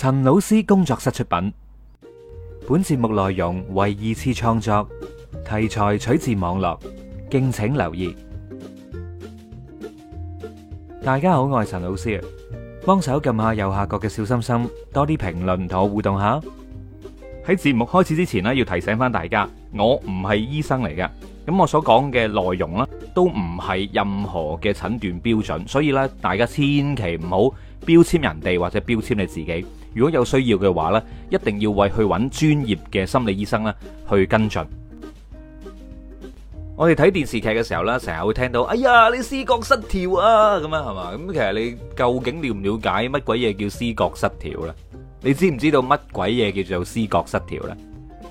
陳老師工作室出品，本節目內容為二次創作，題材取自網絡，敬請留意。大家好，我係陳老師啊，幫手撳下右下角嘅小心心，多啲評論同我互動下。喺節目開始之前呢，要提醒翻大家，我唔係醫生嚟嘅，咁我所講嘅內容都唔係任何嘅診斷標準，所以咧，大家千祈唔好標籤人哋或者標籤你自己。如果有需要嘅話一定要為去揾專業嘅心理醫生去跟進。我哋睇電視劇嘅時候成日會聽到，哎呀，你思覺失調啊，咁樣係嘛？咁其實你究竟了唔了解乜鬼嘢叫思覺失調呢？你知唔知道乜鬼嘢叫做思覺失調呢？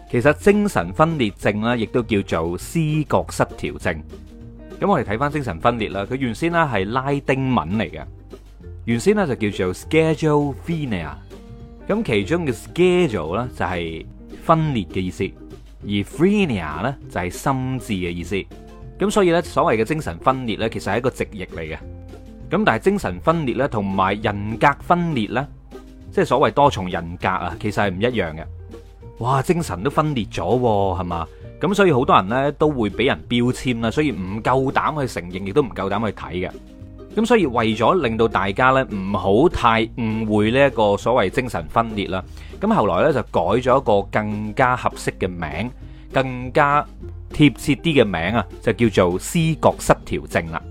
其實精神分裂症呢，亦都叫做思覺失調症。咁我哋睇返精神分裂啦，佢原先呢係拉丁文嚟嘅，原先呢就叫做 schizophrenia 咁其中嘅 schizo 咧就係分裂嘅意思，而 phrenia 咧就係心智嘅意思。咁所以咧，所謂嘅精神分裂咧，其實係一個直譯嚟嘅。咁但係精神分裂咧，同埋人格分裂咧，即係所謂多重人格啊，其實係唔一樣嘅。哇，精神都分裂咗喎，係嘛？咁所以好多人咧都會俾人標籤啦，所以唔夠膽去承認，亦都唔夠膽去睇嘅。咁所以為咗令到大家咧唔好太誤會呢一個所謂精神分裂啦，咁後來咧就改咗一個更加合適嘅名，更加貼切啲嘅名啊，就叫做思覺失調症啦。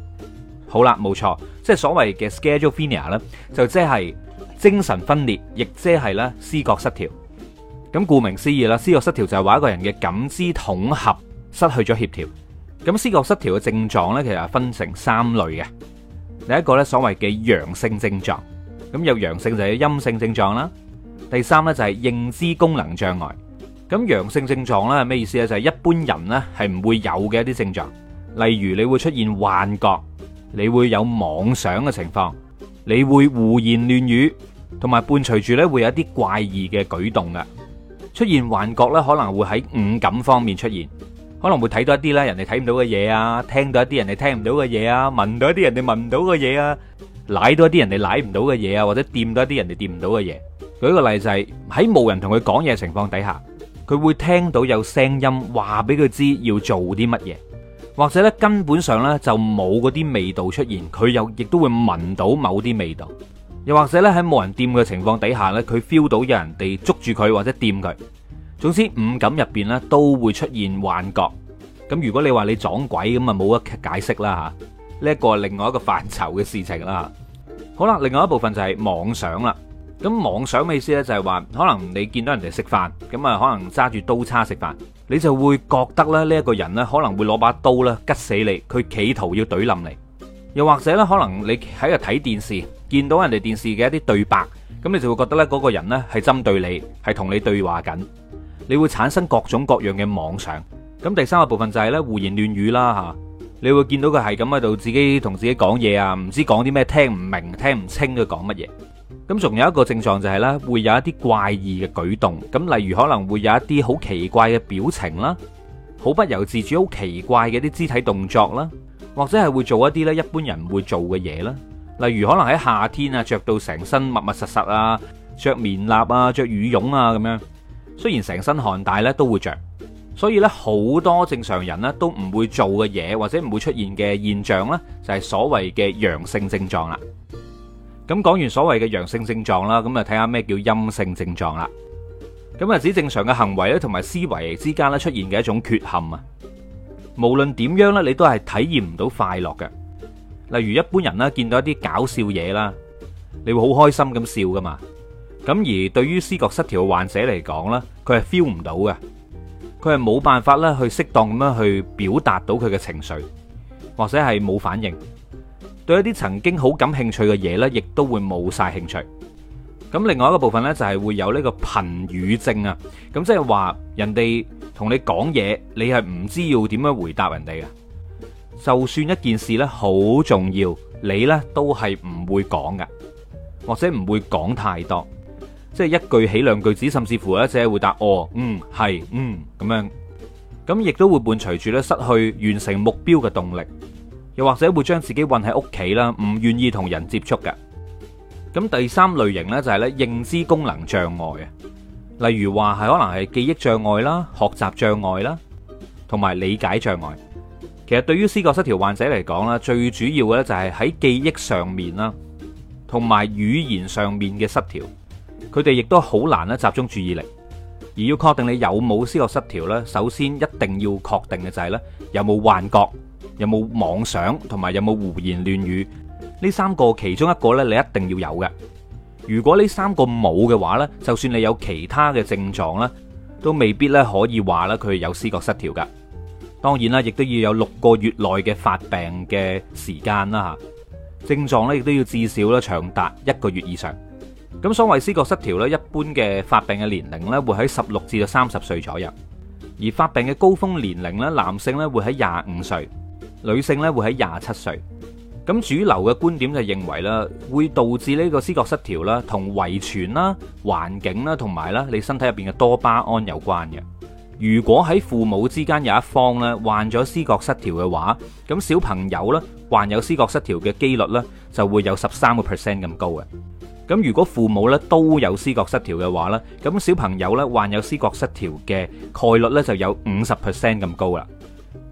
好啦，冇錯，即係所謂嘅 schizophrenia 咧，就即係精神分裂，亦即係咧思覺失調。咁顧名思義啦，思覺失調就係話一個人嘅感知統合失去咗協調。咁思覺失調嘅症狀咧，其實分成三類嘅。第一個咧，所謂嘅陽性症狀，咁有陽性就有陰性症狀啦。第三咧就係認知功能障礙。咁陽性症狀咧係咩意思啊？就係一般人咧係唔會有嘅一啲症狀，例如你會出現幻覺，你會有妄想嘅情況，你會胡言亂語，同埋伴隨住咧會有一啲怪異嘅舉動嘅。出現幻覺咧，可能會喺五感方面出現。可能會睇到一啲啦，人哋睇唔到嘅嘢啊，聽到一啲人哋聽唔到嘅嘢啊，聞到一啲人哋聞唔到嘅嘢啊，舐到一啲人哋舐唔到嘅嘢啊，或者掂到一啲人哋掂唔到嘅嘢。舉個例就係喺冇人同佢講嘢嘅情況底下，佢會聽到有聲音話俾佢知要做啲乜嘢，或者咧根本上咧就冇嗰啲味道出現，佢又亦都會聞到某啲味道，又或者咧喺冇人掂嘅情況底下咧，佢 feel 到有人哋捉住佢或者掂佢。總之五感入邊咧都會出現幻覺咁。如果你話你撞鬼咁啊，冇得解釋啦吓。呢一個係另外一個範疇嘅事情啦。好啦，另外一部分就係妄想啦。咁妄想嘅意思咧就係話可能你見到人哋食飯咁啊，可能揸住刀叉食飯，你就會覺得咧呢一個人咧可能會攞把刀咧吉死你，佢企圖要懟冧你。又或者咧，可能你喺度睇電視，見到人哋電視嘅一啲對白咁，你就會覺得咧嗰個人咧係針對你，係同你對話緊。你會產生各種各樣嘅妄想，咁第三個部分就係咧胡言亂語啦吓，你會見到佢係咁喺度自己同自己講嘢啊，唔知講啲咩，聽唔明，聽唔清佢講乜嘢。咁仲有一個症狀就係咧，會有一啲怪異嘅舉動，咁例如可能會有一啲好奇怪嘅表情啦，好不由自主好奇怪嘅啲肢體動作啦，或者係會做一啲咧一般人唔會做嘅嘢啦，例如可能喺夏天啊着到成身密密實實啊，着棉衲啊，着羽絨啊咁樣。雖然成身汗帶咧都會着，所以咧好多正常人咧都唔會做嘅嘢，或者唔會出現嘅現象咧就係所謂嘅陽性症狀啦。咁講完所謂嘅陽性症狀啦，咁啊睇下咩叫陰性症狀啦。咁啊指正常嘅行為咧同埋思維之間咧出現嘅一種缺陷啊。無論點樣咧你都係體驗唔到快樂嘅。例如一般人咧見到一啲搞笑嘢啦，你會好開心咁笑噶嘛。咁而對於思覺失調嘅患者嚟講咧，佢係 feel 唔到嘅，佢係冇辦法咧去適當咁樣去表達到佢嘅情緒，或者係冇反應。對一啲曾經好感興趣嘅嘢咧，亦都會冇晒興趣。咁另外一個部分咧，就係會有呢個貧語症啊。咁即係話人哋同你講嘢，你係唔知要點樣回答人哋嘅。就算一件事咧好重要，你咧都係唔會講嘅，或者唔會講太多。即係一句起兩句止，甚至乎只係會答哦，嗯係，嗯咁樣，咁亦都會伴隨住咧失去完成目標嘅動力，又或者會將自己困喺屋企啦，唔願意同人接觸嘅。咁第三類型呢，就係咧認知功能障礙啊，例如話係可能係記憶障礙啦、學習障礙啦，同埋理解障礙。其實對於思覺失調患者嚟講咧，最主要咧就係喺記憶上面啦，同埋語言上面嘅失調。佢哋亦都好難咧集中注意力，而要確定你有冇思覺失調咧，首先一定要確定嘅就係咧有冇幻覺，有冇妄想，同埋有冇胡言亂語呢三個其中一個咧，你一定要有嘅。如果呢三個冇嘅話咧，就算你有其他嘅症狀咧，都未必咧可以話啦佢係有思覺失調噶。當然啦，亦都要有六個月內嘅發病嘅時間啦吓，症狀咧亦都要至少咧長達一個月以上。咁所謂思覺失調咧，一般嘅發病嘅年齡咧會喺十六至到三十歲左右，而發病嘅高峰年齡咧，男性咧會喺廿五歲，女性咧會喺廿七歲。咁主流嘅觀點就認為啦，會導致呢個思覺失調啦，同遺傳啦、環境啦，同埋啦你身體入邊嘅多巴胺有關嘅。如果喺父母之間有一方咧患咗思覺失調嘅話，咁小朋友咧患有思覺失調嘅幾率咧就會有十三個 percent 咁高嘅。咁如果父母咧都有思覺失調嘅話咧，咁小朋友咧患有思覺失調嘅概率咧就有五十 percent 咁高啦。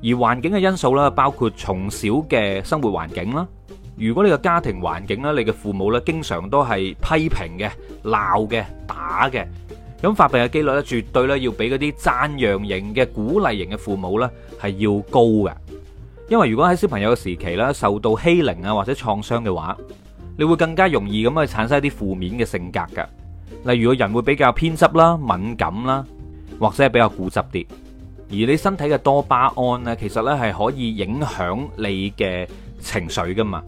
而環境嘅因素咧，包括從小嘅生活環境啦。如果你嘅家庭環境咧，你嘅父母咧經常都係批評嘅、鬧嘅、打嘅，咁發病嘅幾率咧，絕對咧要比嗰啲讚揚型嘅、鼓勵型嘅父母咧係要高嘅。因為如果喺小朋友嘅時期咧受到欺凌啊或者創傷嘅話，你會更加容易咁樣去產生一啲負面嘅性格㗎，例如個人會比較偏執啦、敏感啦，或者係比較固執啲。而你身體嘅多巴胺咧，其實咧係可以影響你嘅情緒㗎嘛。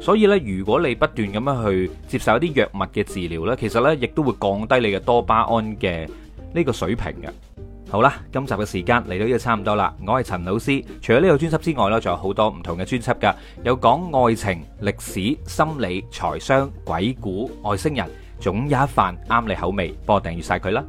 所以咧，如果你不斷咁樣去接受一啲藥物嘅治療咧，其實咧亦都會降低你嘅多巴胺嘅呢個水平嘅。好啦，今集嘅時間嚟到呢度差唔多啦。我係陳老師，除咗呢個專輯之外呢，仲有好多唔同嘅專輯噶，有講愛情、歷史、心理、財商、鬼故、外星人，總有一瓣啱你口味。幫我訂閱晒佢啦。